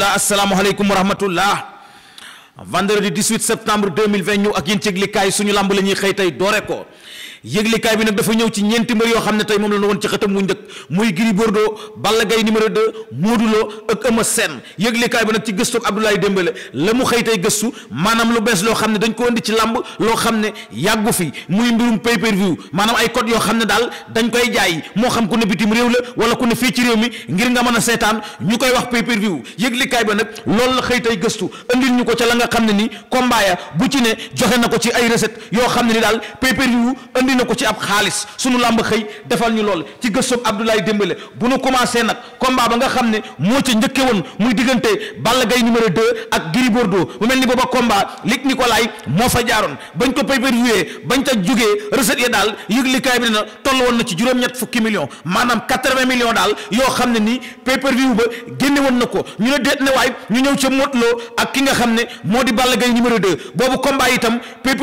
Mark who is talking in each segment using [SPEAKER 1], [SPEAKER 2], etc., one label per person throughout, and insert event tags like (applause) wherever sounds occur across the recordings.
[SPEAKER 1] rahmatullah asalaamaaleykum wa rahmatullah vendredi 18 septembre 2020 ñu ak yéen ci yëglikaay suñu lamb la ñuy xëy tey doore ko yëglikaay bi nag dafa ñëw ci ñeenti mbër yoo xam ne tey moom la ñu woon ci xëtam mu njëkk muy Gris Bordeaux Balla Gaye numéro 2 Modou Lo ak Eumeu Sène yëglikaay bi nag ci gëstu Abdoulaye Dembélé la mu xëy tey gëstu maanaam lu bees loo xam ne dañ ko indi ci làmb loo xam ne yàggu fi muy mbirum pay maanaam ay code yoo xam ne daal dañ koy jaay moo xam ku ne bitim réew la wala ku ne fii ci réew mi ngir nga mën a seetaan ñu koy wax pay per view yëglikaay bi nag loolu la xëy tey gëstu indil ñu ko ca la nga xam ne ni combat bu ci ne joxe na ko ci ay recette yoo xam ne ni indi na ko ci ab xaalis sunu làmb xëy defal ñu lool ci gëstoob Abdoulaye Dembélé bu nu commencé nag combat ba nga xam ne moo ca njëkke woon muy diggante Balla Gaye numéro 2 ak Gris mu mel ni booba combat Luc Nicolaï moo fa jaaroon bañ ko pay-per-view bañ ca jógee recette ya daal yëglikaay bi dina toll woon na ci juróom-ñett fukki millions maanaam quatre-vingts millions daal yoo xam ne nii pay ba génne na ko ñu ne deet waay ñu ñëw ca Modou ak ki nga xam moo di Balla Gaye numéro 2 boobu combat itam pay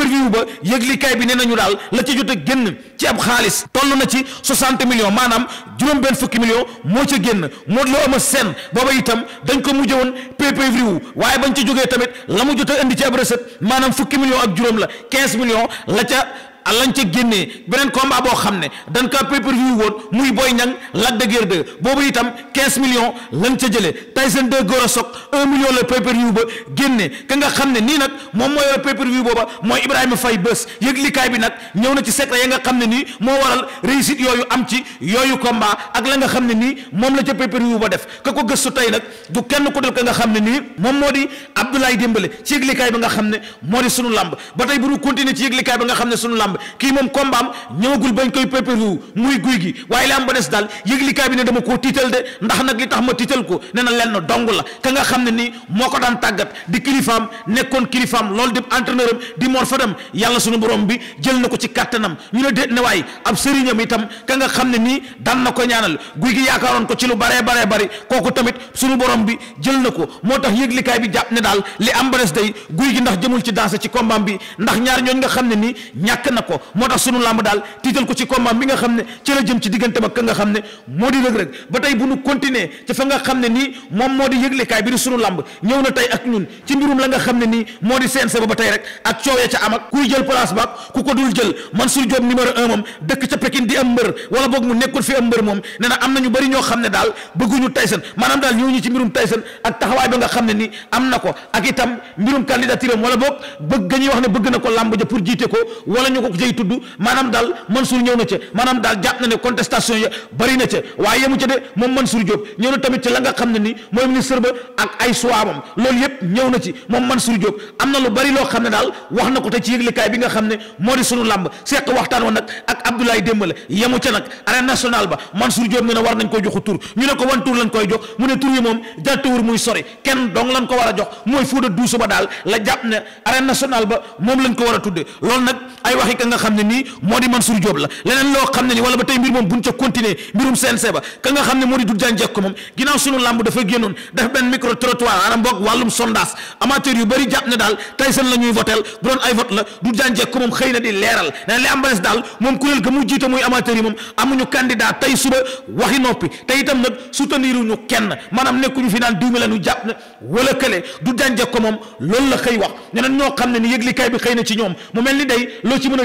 [SPEAKER 1] génn ci ab xaalis toll na ci 60 millions maanaam juróom-benn fukki millions moo ca génn Modou Lo Eumeu Sène booba itam dañ ko mujj woon PPV wu waaye bañ ca jógee tamit la mu jot a indi ci ab recette maanaam fukki millions ak juróom la 15 million la ca. ak lañ ca génnee beneen combat boo xam ne dañ ko pay woon muy Boy Niang Lac de Guiers boobu itam 15 millions lan ca jëlee Tyson 2 Gora Sock 1 million la pay-per-view ba génnee ka nga xam ne nii nag moom moo yore booba mooy Ibrahima Faye bés yëglikaay bi nag ñëw na ci secret ya nga xam ne nii moo waral réussite yooyu am ci yooyu combat ak la nga xam ne nii moom la ca pay-per-view ba def ka ko gëstu tey nag du kenn ku dul ka nga xam ne nii moom moo di Abdoulaye Dembélé ci yëglikaay bi nga xam ne moo di sunu làmb ba tey bu ñu c ci yëglikaay bi nga xam ne sunu làmb combat kii moom combat am ñëwagul bañ koy pépéru muy guy gi waaye li am ba des daal yëglikaay bi ne dama koo tiital de ndax nag li tax ma tiital ko nee na lenn la ka nga xam ne nii moo ko daan tàggat di kilifaam nekkoon kilifaam loolu di entraîneur am di Mor Fadam yàlla sunu borom bi jël na ko ci kàttanam ñu ne déet ne waaye ab sëriñam itam ka nga xam ne nii daan na ko ñaanal guy gi yaakaaroon ko ci lu baree baree bari kooku tamit sunu borom bi jël na ko moo tax yëglikaay bi jàpp ne daal li am ba des day guy gi ndax jëmul ci danse ci combat bi ndax ñaar ñooñ nga xam ne nii ñàkk na ko moo tax sunu làmb daal tiital ko ci combat bi nga xam ne ci la jëm ci digganteem ak ka nga xam ne moo di Reug Reug ba tey bu nu continuer ci fa nga xam ne nii moom moo di yëglekaay bi na tey ak ñun ne nii moo di CNG ba ba tey rek ak coow ca am kuy jël place ba ku ko dul jël Mansour Diop numéro un moom dëkk ca Pékin di am mbër wala boog mu nekkul fi am mbër moom nee am na ñu bëri ñoo xam ne daal bëgguñu Tyson maanaam daal ñëw ñu ci mbirum Tyson ak taxawaay ba nga xam ne nii am ko ko cay tudd maanaam daal Mansour ñëw na ca maanaam daal jàpp na ne contestation ya bëri na ca waaye yemu ca de moom Mansour Diop ñëw na tamit ci la nga xam ne nii mooy ministre ba ak ay suwaamam loolu yëpp ñëw na ci moom Mansour Diop am na lu bëri loo xam ne daal wax na ko te ci yëglikaay bi nga xam ne moo di sunu làmb seq waxtaan woon nag ak Abdoulaye Dembélé yemu ca nag arène nationale ba Mansour Diop ne na war nañ koy joxu tur ñu ne ko wan tur lañ koy jox mu ne tur ko war a jox mooy a tudde ka nga xam ne nii moo di Mansour Diop la leneen loo xam ne nii wala ba tey mbir moom buñ ca continuer mbirum CNG ba ka nga xam ne moo di Doudou Diagne Diecko moom ginnaaw sunu làmb dafa génnoon def benn micro trottoir maanaam boog wàllum sondage amateur yu bëri jàpp ne daal na di leeral ne li am ba des daal tey suba waxi noppi te itam nag souteniruñu kenn maanaam nekkuñu fi naan diw mi la ñu jàpp ne wala kële Doudou Diagne Diecko moom loolu la xëy wax ñeneen ñoo xam ne ni yëglikaay bi xëy na ci ñoom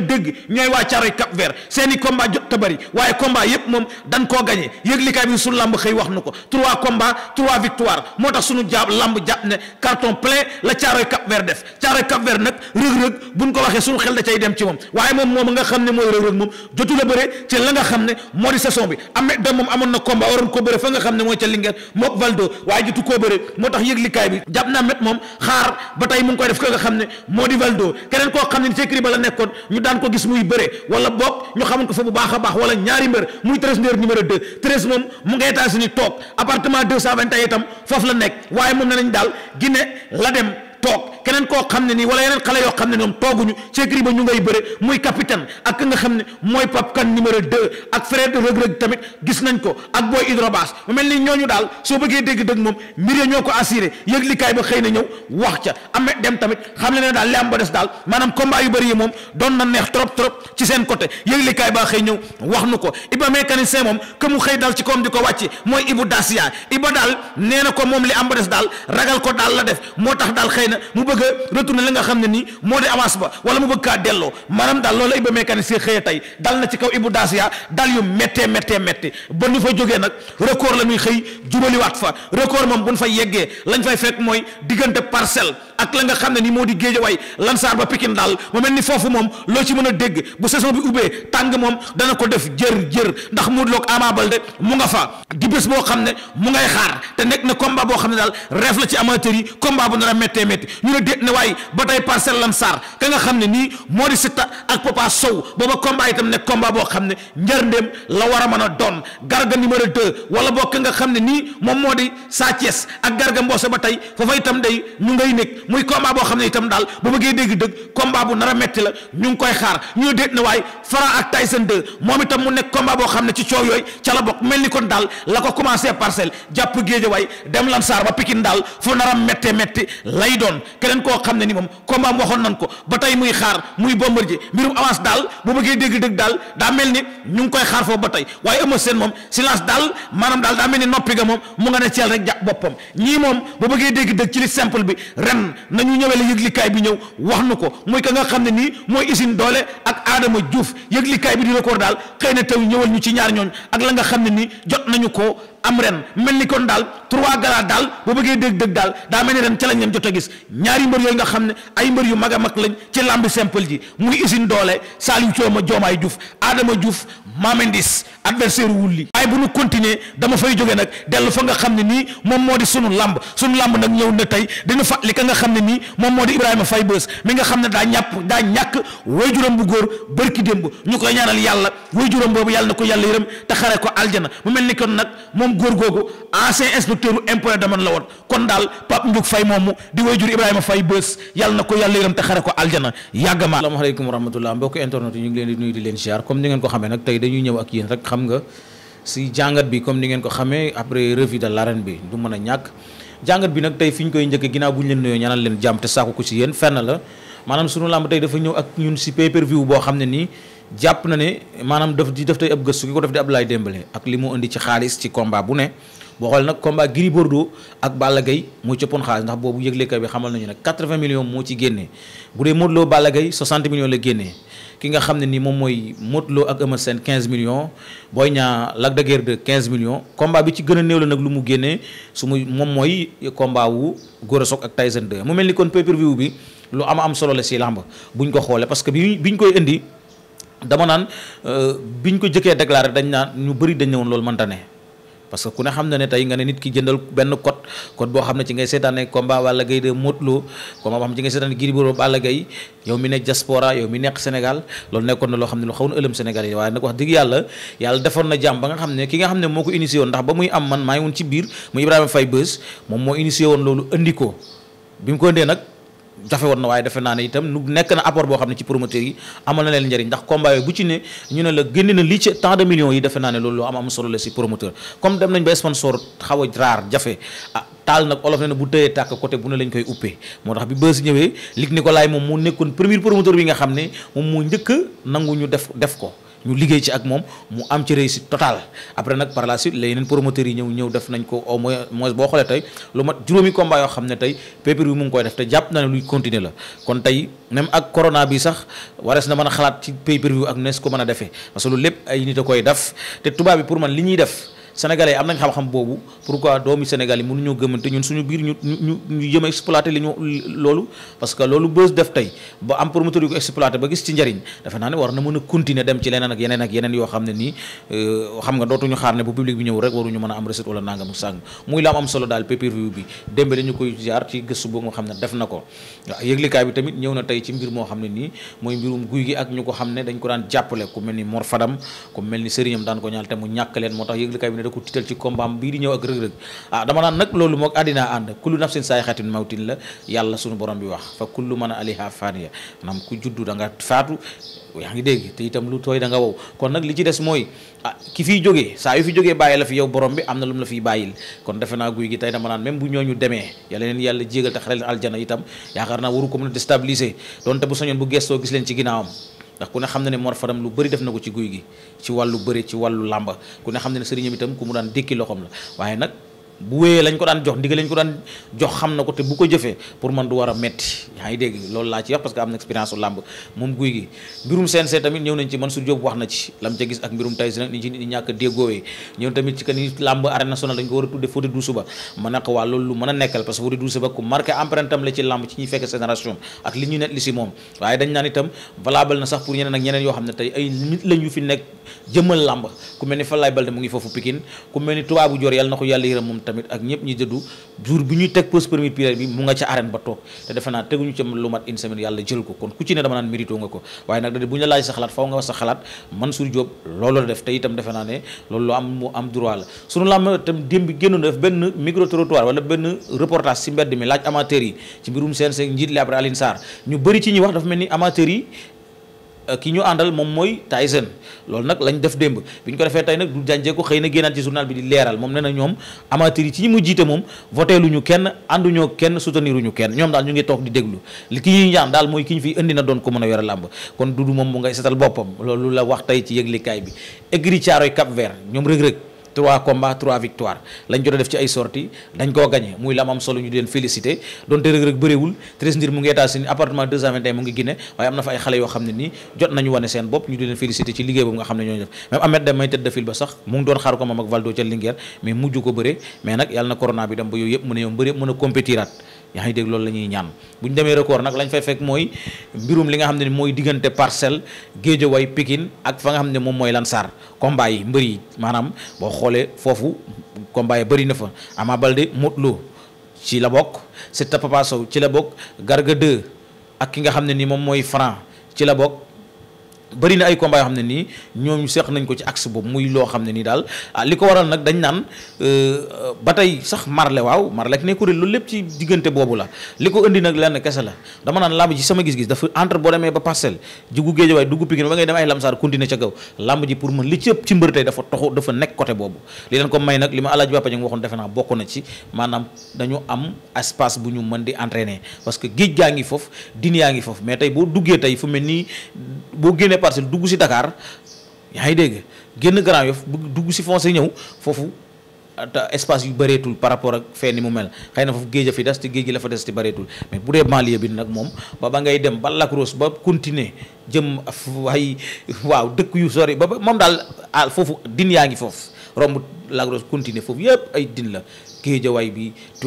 [SPEAKER 1] dëgg ñooy waa Caaroy Cap Vert seeni combat jot ta waaye combat yépp moom dan koo gañee yëglikaay bi suñu làmb xëy wax na ko trois combat trois victoire moo tax suñu jàpp da cay dem ci moom waaye moom moom amoon na combat waroon ko bëre fa nga xam ne mooy ca Linguère mook Valdo waaye jotu koo bëre moo tax yëglikaay bi jàpp na met moom xaar ba tey mu koy def ko nga xam ne moo di Valdo keneen koo xam ne ci écurie ba la nekkoon daan ko gis muy bëre wala bokk ñu xaman ko fa bu baax a baax wala ñaari mbër muy Treize Nder numéro 2 Treize moom mu ngi États-Unis toog sa 221 itam foofu la nekk waaye moom ne nañ daal Guinée la dem toog keneen koo xam ne nii wala yeneen xale yoo xam ne ñoom tooguñu ci écurie a ñu ngay bëre muy capitaine ak ki nga xam ne mooy Pape Kane numéro 2 ak frère de Reug Reug tamit gis nañ ko ak booy hydrobase mu mel ni ñooñu daal soo bëggee dégg-dëgg moom mbir ya ñoo ko assuré yëg likaay ba xëy na ñëw wax ca Ahmed Deme tamit xam le ne daal li am ba des daal maanaam combat yu bëri yi moom doon na neex trop trop ci seen côté yëg likaay ba xëy ñëw wax nu ko Iba mécanicien moom que mu xëy dal ci koom di ko mooy Ibu Dacia Iba daal nee na ko moom li am daal ragal ko daal la def moo tax daal xëy na bëgg a retourner li nga xam ne nii moo di avance ba wala mu bëgg kaa delloo maanaam daal loolu Iba mécanicien xëye tey dal na ci kaw Ibou Dacia dal yu méttee méttee méttee ba ñu fa jógee nag record la ñuy xëy jubaliwaat fa record moom bu nu fa yeggee lañ fay fekk mooy diggante parcelle ak la nga xam ne ni moo di géejawaay lansaar ba Pikine daal mu mel ni foofu moom loo ci mën a dégg bu saison bi ubbee tàng moom dana ko def jër jër ndax Modou Lo ak Ama Baldé mu nga fa di bés boo xam ne mu ngay xaar te nekk na combat boo xam ne daal reef la ci amateur yi combat bu nar a méttee métti ñu ne déet ne waaye ba tey parcelle lansaar ka nga xam ne nii moo di Siteu ak Papa Sow booba combat itam nekk komba boo xam ne njërndéem la war a mën a doon garga numéro 2 wala boo nga xam ne nii moom moo di Sa ak garga mboose ba tey foofa itam day ñu ngay nekk muy combat boo xam ne itam daal bu bëggee dégg dëgg combat bu nar a metti la ñu ngi koy xaar ñu ne déet na waaye Franc ak Tyson moom itam mu nekk combat boo xam ne ci coow yooyu ca la bokk mel ni kon daal la ko commencé parcelle jàpp géej waay dem lan saar ba Pikine daal fu nar méttee métti lay doon keneen koo xam ne ni moom combat waxoon nan ko ba tey muy xaar muy Bombardier mbirum avance daal bu bëggee dégg dëgg daal daa mel ni ñu ngi koy xaar foofu ba tey waaye Eumeu Sène moom silence daal maanaam daal daa mel ni noppi ga moom mu nga ne ceel rek jàpp boppam ñii moom bu bëggee dégg dëgg ci li simple bi ren nañu ñëwele yëglikaay bi ñëw wax nu ko mooy ka nga xam ne nii mooy usine doole ak Adama Diouf yëglikaay bi di record daal xëy na taw ñëwal ñu ci ñaar ñooñ ak la nga xam ne nii jot nañu ko am ren mel ni kon daal trois gala daal boo bëggee dëgg dëgg daal daa mel ni ren ca lañ leen jot a gis ñaari mbër yooyu nga xam ne ay mbër yu mag a mag lañ ci lamb simple ji muy usine doole Saliou Cooma Joomaay Diouf Adama Diouf Mamendis adversaire wulli waaye bu ñu continuer dama fay jóge nag dellu fa nga xam ne nii moom moo di sunu làmb suñu làmb nag ñëw na tey dina fàttali ka nga xam ne nii moom moo di Ibrahima Faye Beuz mi nga xam ne daa ñàpp daa ñàkk waajuram bu góor bërki démb ñu koy ñaanal yàlla waajuram boobu yàlla na ko yàlla yërëm xare ko aljana mu mel ni kon nag moom góor googu ancien inspecteur u impôt domaine la woon kon
[SPEAKER 2] daal Pape Ndiouk Faye moomu di waajur Ibrahima Faye Beuz na ko yàlla yërëm te xare ko aljana yàgg ma salaamaaleykum wa rahmatullah mbokk internet yi ngeen ko xamee nag tey dañuy ñëw ak yéen rek xam nga si jàngat bi comme ni ngeen ko xamee après revue de l'arène bi du mën a ñàkk jàngat bi nag tey fi ñu koy njëkk ginnaaw bu ñu leen nuyoo ñaanal leen jàmm te saako ko ci yéen fenn la maanaam sunu làmb tey dafa ñëw ak ñun si pay view boo xam ne nii jàpp na ne maanaam daf di daf tey ab gëstu ki ko def di Abdoulaye Dembélé ak li mu indi ci xaalis ci combat bu ne boo xool nag combat Gris Bordeaux ak Balla Gaye moo cëppoon xaalis ndax boobu yëglekaay bi xamal nañu ne 80 millions moo ci génnee bu dee Modou Lo la génnee ki nga xam ne ni moom mooy Modou Lo ak Eumeu Sène 15 millions Boy Niang Lac de Guiers millions combat bi ci gën a néew la nag lu mu génnee su muy moom mooy combat wu Gora Sock ak Tyson de mu mel ni kon pay per bi lu am am solo la si làmb buñ ko xoolee parce que bi ñu koy indi dama naan euh, biñ ko jëkkee déclaré dañ naan ñu bëri dañ ne woon loolu mënta ne parce que ku ne xam na ne tey nga ne nit ki jëndal benn code code boo xam ne ci ngay seetaane combat Balla Gaye de Modou Lo combat xam ne ci nekkoon na loo xam ne lu xaw na ëlëm Sénégal yi waaye nag wax na nga xam ne moo ko initié woon ndax ba muy am man maa ngi woon ci biir mu Ibrahima Faye Beuz moom moo initié woon loolu andi ko bi mu ko indee nag jafe woon na waaye defe naa ne itam nu nekk na apport boo xam ne ci promoteur yi amal na leen njëriñ ndax combat yooyu bu ci ne ñu ne la génn na lii ci tant de millions yi defe naa ne loolu loo am am solo la si promoteur comme dem nañ ba sponsor xaw a raar jafe ah taal nag olof ne na bu tëyee tàkk côté bu ne lañ koy uppee moo tax bi bës ñëwee Luc Nicolaï moom moo nekkoon premier promoteur bi nga xam ne moom moo njëkk nangu ñu def def ko ñu liggéey ci ak moom mu am ci réussite totale après nag par la yeneen promoteurs yi ñëw ñëw def nañ ko au moins moins boo xoolee tey lu mat juróomi combat yoo xam ne tey pépir bi mu ngi koy def te jàpp na ne luy continuer la kon tey même ak corona bi sax warees na mën a xalaat ci pay per view ak nees ko mën a defee parce que loolu lépp ay nit a koy def te tubaab yi pour man li ñuy def sénégalais am nañ xam-xam boobu pourquoi doomi sénégal yi mënuñoo gëmante ñun suñu biir ñu ñu ñu jëm a exploité li ñu loolu parce que loolu bës def tey ba am promoteur yu ko exploité ba gis ci njariñ dafa a continuer dem ci leneen ak yeneen ak yeneen ne nii euh, xam nga a am recette wala nangam sàng muy la am am solo daal pay-per-view bi démbe la ñu koy jaar ci gëstu boobu nga xam ne def na ko waaw yëglikaay bi tamit ñëw na tey ci mbir moo xam ne nii mooy mbirum guy gi ak ñu ko xam ne ko daan jàppale ku mel ni Mor Fadam ku mel ni sëriñam daan ko ñaal te mu ñàkk leen moo tax yëglikaay bi ne da ko tiital ci combat am bii di ñëw ak rëg-rëg ah dama naan nag loolu mook àddinaa ànd kullu nafsin saay xatin mawtin la yàlla sunu borom bi wax fa kullu man aliha faniya maanaam ku juddu da nga faatu yaa ngi dégg te itam lu tooy da nga wow kon nag li ci des mooy ah ki fi jógee saa yu fi jógee bàyyi la fi yow borom bi am na lu mu la fiy bàyyil kon defe naa guy gi tey dama naan même bu ñooñu demee yàlla leen yàlla jégal te xare leen aljana itam yaakaar naa waru ko mën a déstabiliser donte bu sañoon bu gestoo gis leen ci ginnaawam ndax ku ne xam na ne Mor lu bari def na ko ci guy gi ci wàllu bëri ci wàllu làmba ku ne xam na ne sëriñam itam ku mu daan dékki loxoom la waaye nag bu wéyee lañ ko daan jox ndigal lañ ko daan jox xam na ko te bu ko jëfee pour man du war metti yaa dégg loolu laa ci wax parce que am na expérience u làmb moom guy gi mbirum CNG tamit ñëw nañ ci Mansour Diop wax na ci làmb arène nationale dañ ko war a tudde Fodé Doussouba ma ne ko waa loolu lu mën a nekkal parce que Fodé Doussouba ku marqué empreinte am la ci làmb ci ñuy fekk génération ak li ñu net li si moom waaye dañ naan itam valable tamit ak ñëpp ñi jëddu jour bi ñuy teg pose première bi mu nga ca arène ba toog te defe naa teguñu ca lu mat semaine yàlla jël ko kon ku ci ne dama naan mérito nga ko waaye nag dade bu ñu la laaj sa xalaat faw nga wax sa xalaat Mansour Diop loolu la def te itam defe naa ne loolu am mu am droit la sunu lam itam démb bi génnoon benn micro trottoir benn reportage si mbedd mi laaj amateurs yi ci mbirum seen seen njiit li après Aline ñu Euh, ki ñu àndal moom mooy Tyson loolu nag lañ def démb bi ñu ko defee tey nag du jànjee ko xëy na génnaat ci journal bi di leeral moom nee na ñoom amateur yi ci ñi mu jiite moom voté kenn ànduñoo kenn souteniruñu kenn ñoom daal ñu ngi toog di déglu ki ñuy ñaan daal mooy ki ñu fi indi na doon ko mën a yore làmb kon dudu moom mu ngay setal boppam loolu la wax tey ci yëglikaay bi écurie Thiaroye Cap Vert ñoom rëg-rëg trois combats trois victoires lañ jot a def ci ay sorties dañ koo gagné muy la am ñu di leen félicité donte Reug Reug bëréewul Treize Ndir mu ngi États-Unis appartement 221 mu am na seen bopp ñu di leen félicité ci liggéey boobu nga xam ne ñoo def même Ahmed Deme may tëdd fil ba sax mu ngi doon xaar ko moom Valdo ca Linguère mais mujj ko bëre mais nag yàlla na corona bi dem ba yëpp mën a yow bëre mën a compétiraat yaa ngi dégg loolu la ñuy ñaan bu ñu demee record nag lañ fay fekk mooy mbirum li nga xam ne mooy diggante parcelle Géejawaay pikin ak fa nga xam ne moom mooy Lansar combat yi mbër maanaam boo xoolee foofu combat yi bëri na fa amaa Baldé Modou Lo ci la bokk Siteu Papa Sow ci la bokk Garga 2 ak ki nga xam ne ni moom mooy Franc ci la bokk bëri na ay combat yoo xam ne nii ñooñu seq nañ ko ci axe boobu muy loo xam ne nii daal ah li ko waral nag dañ naan euh, ba tey sax marle waaw marle ak ne kuréel loolu lépp ci diggante boobu la li ko indi nag lenn kese la dama naan lamb ji sama gis-gis dafa entre boo demee ba parcelle jugu géejawaay dugg Pikine ba ngay dem ay lamsaar continuer ca kaw lamb ji pour man li ci ëpp ci mbër tey dafa toxu dafa nekk côté boobu li leen ko may nag li ma alaaji Papa Dieng ngi foofu din yaa ngi foofu parcelle dugg si dakaar yaa ngi dégg génn Grand Yoff bëgg dugg si foncé ñëw foofu te espace yu bareetul par rapport ak fee ni mu mel xëy na foofu géej a fi des te géej gi la fa des te bëreetul mais bu dee banlieue bi nag moom ba ba ngay dem ba Lacrosse ba continuer jëm waay (laughs) waaw dëkk yu sori ba ba moom daal ah, foofu din yaa ngi foofu romb lagros continuer foofu yëpp ay din la lépp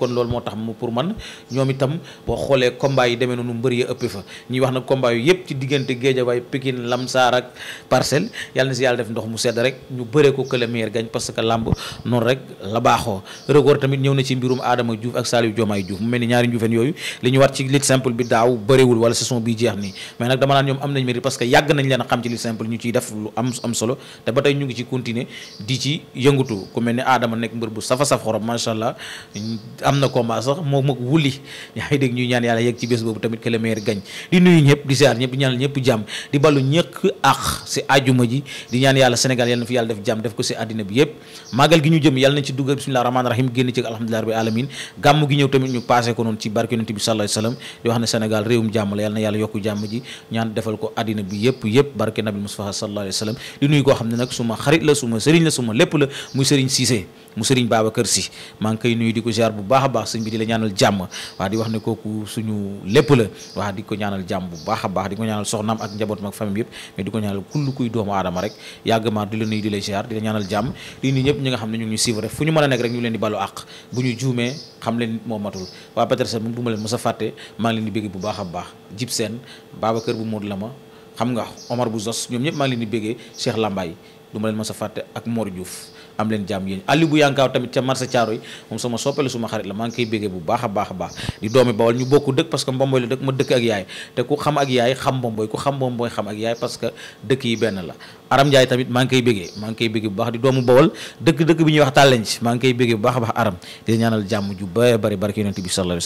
[SPEAKER 2] kon loolu moo tax mu pour man ñoom itam boo xoolee combat yi demee noonu mbëri ya ëpp fa ñuy wax nag combat yu yëpp ci diggante géejawaay Pikine Lamsaar ak Parcelles yàlla na si yàlla def rek ñu bëree ko que le meilleur gagne parce que làmb noonu rek la baaxoo record tamit ñëw na ci mbirum Adama Diouf ak Saliou Diomaye Diouf mu mel ni ñaari njuufeen yooyu li ñu war ci lutte bi daaw bëriwul wala saison bi jeex nii mais nag dama naan ñoom am nañ mérite parce que yàgg nañ leen xam ci lutte ñu ciy def lu am am solo te ba tey ñu ngi ci continuer di ci yëngutu ku mel ni Adama nekk mbër bu safa saf xorom macha allah am na combat sax moo mag wuli yaa dégg ñuy ñaan yàlla yegg ci bés boobu tamit que le di nuyu ñëpp di siyaar ñëpp di jàmm gi ñu jëm yàlla nañ ci dugg bismillah rahmaan rahim génn ci alhamdulilah rabbi alamin gàmm gi ñëw tamit ñu passé ko noonu ci barke yonent bi sallallahu alayhi di wax ne Sénégal réewum jàmm la yàlla yàlla yokku jàmm ji ñaan defal ko àddina bi yëpp la suma lépp la muy Serigne Cissé mu Serigne Babacar Sy maa ngi koy nuyu di ko ziar bu baax a baax sëñ bi di la ñaanal jàmm waa di wax ne kooku suñu lépp la waa di ko ñaanal jàmm bu baax a baax di ko ñaanal soxnaam ak njabootam ak famille yëpp mais di ko ñaanal kull kuy doomu aadama rek yàgg la nuyu di la ziar di jàmm di nuyu ñëpp ñi nga xam ne ñu ngi ñu suivre fu ñu mën a nekk rek ñu leen di balu àq bu ñu juumee xam leen moo matul waa Petersen moom du ma leen mos a fàtte maa ngi leen di bégg bu baax a baax Jib Sène Babacar bu la Lama xam nga Omar bu Zos ñoom ñëpp maa ngi leen di béggee Cheikh Lambaye du leen mës a fàtte ak Mor Diouf am leen jàmm yéen Aliou bu yankaaw tamit ca marché Thiaro yi moom sama soppele suma xarit la a baax a baax di doomi ma dëkk ak yaay te ku xam ak yaay xam Mbomboy ku xam Mbomboy xam ak yaay parce dëkk yi benn la Aram Ndiaye tamit maa ngi koy béggee maa ngi koy béggee bu baax di doomu Bawol dëkk dëkk bi ñuy wax tàlleñ ci ngi koy béggee bu baax a Aram di ñaanal jàmm ju bari bari barke yonent bi sallallahu